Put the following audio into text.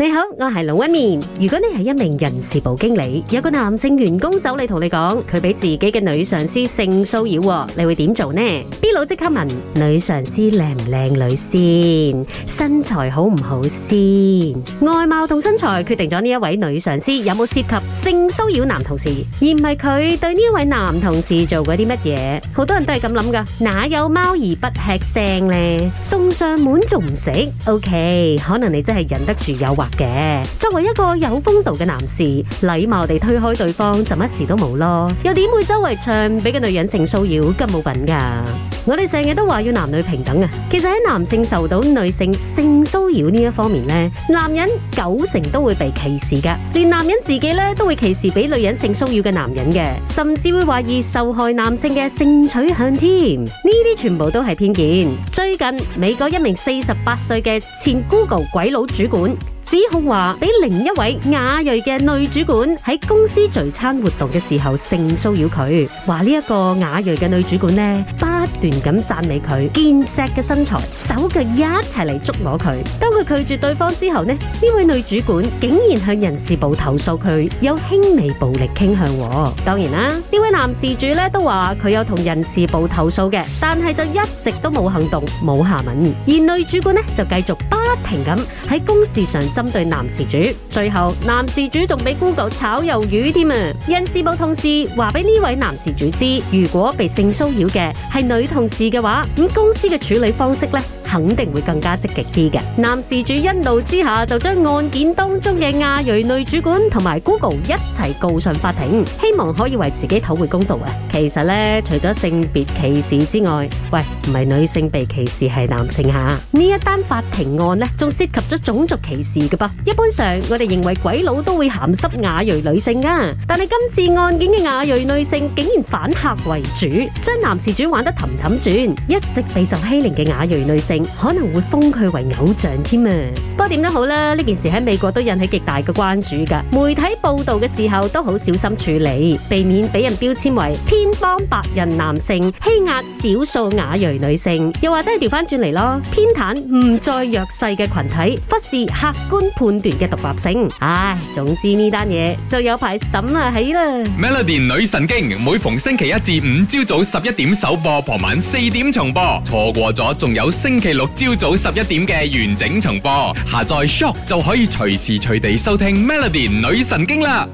你好，我係龍紋敏。如果你係一名人事部經理，有個男性員工走嚟同你講，佢俾自己嘅女上司性騷擾，哦，你會點做呢？B 佬即刻問女上司靚唔靚女先，身材好唔好先，外貌同身材決定咗呢位女上司有冇涉及性騷擾男同事，而唔係佢對呢位男同事做過啲乜嘢？好多人都係咁諗噶，哪有貓兒不吃腥呢？送上門仲唔食？OK，可能你真係忍得住誘惑。嘅作為一個有風度嘅男士，禮貌地推開對方就乜事都冇咯。又點會周圍唱俾個女人性騷擾咁冇品噶？我哋成日都話要男女平等啊。其實喺男性受到女性性騷擾呢一方面呢，男人九成都會被歧視噶，連男人自己呢，都會歧視俾女人性騷擾嘅男人嘅，甚至會懷疑受害男性嘅性取向添。呢啲全部都係偏見。最近美國一名四十八歲嘅前 Google 鬼佬主管。指控話俾另一位亞裔嘅女主管喺公司聚餐活動嘅時候性騷擾佢，話呢一個亞裔嘅女主管呢不斷咁讚美佢健碩嘅身材、手腳一齊嚟捉摸佢。當佢拒絕對方之後呢，呢位女主管竟然向人事部投訴佢有輕微暴力傾向喎。當然啦，呢位男事主呢都話佢有同人事部投訴嘅，但係就一直都冇行動、冇下文。而女主管呢就繼續不停咁喺公事上。針對男事主，最後男事主仲俾 Google 炒魷魚添啊！人事部同事話俾呢位男事主知，如果被性騷擾嘅係女同事嘅話，咁公司嘅處理方式呢？肯定會更加積極啲嘅。男事主一怒之下就將案件當中嘅亞裔女主管同埋 Google 一齊告上法庭，希望可以為自己討回公道啊！其實咧，除咗性別歧視之外，喂，唔係女性被歧視係男性吓。呢一單法庭案呢，仲涉及咗種族歧視嘅噃。一般上我哋認為鬼佬都會鹹濕亞裔女性啊，但係今次案件嘅亞裔女性竟然反客為主，將男事主玩得氹氹轉，一直備受欺凌嘅亞裔女性。可能會封佢為偶像添啊！不過點都好啦，呢件事喺美國都引起極大嘅關注噶。媒體報道嘅時候都好小心處理，避免俾人標籤為偏幫白人男性，欺壓少數亞裔女性。又或者係調翻轉嚟咯，偏袒唔再弱勢嘅群體，忽視客觀判斷嘅獨立性。唉，總之呢單嘢就有排審啊起啦。Melody 女神經每逢星期一至五朝早十一點首播，傍晚四點重播。錯過咗仲有星期，星期六朝早十一點嘅完整重播，下載 Shop 就可以隨時隨地收聽 Melody 女神經啦。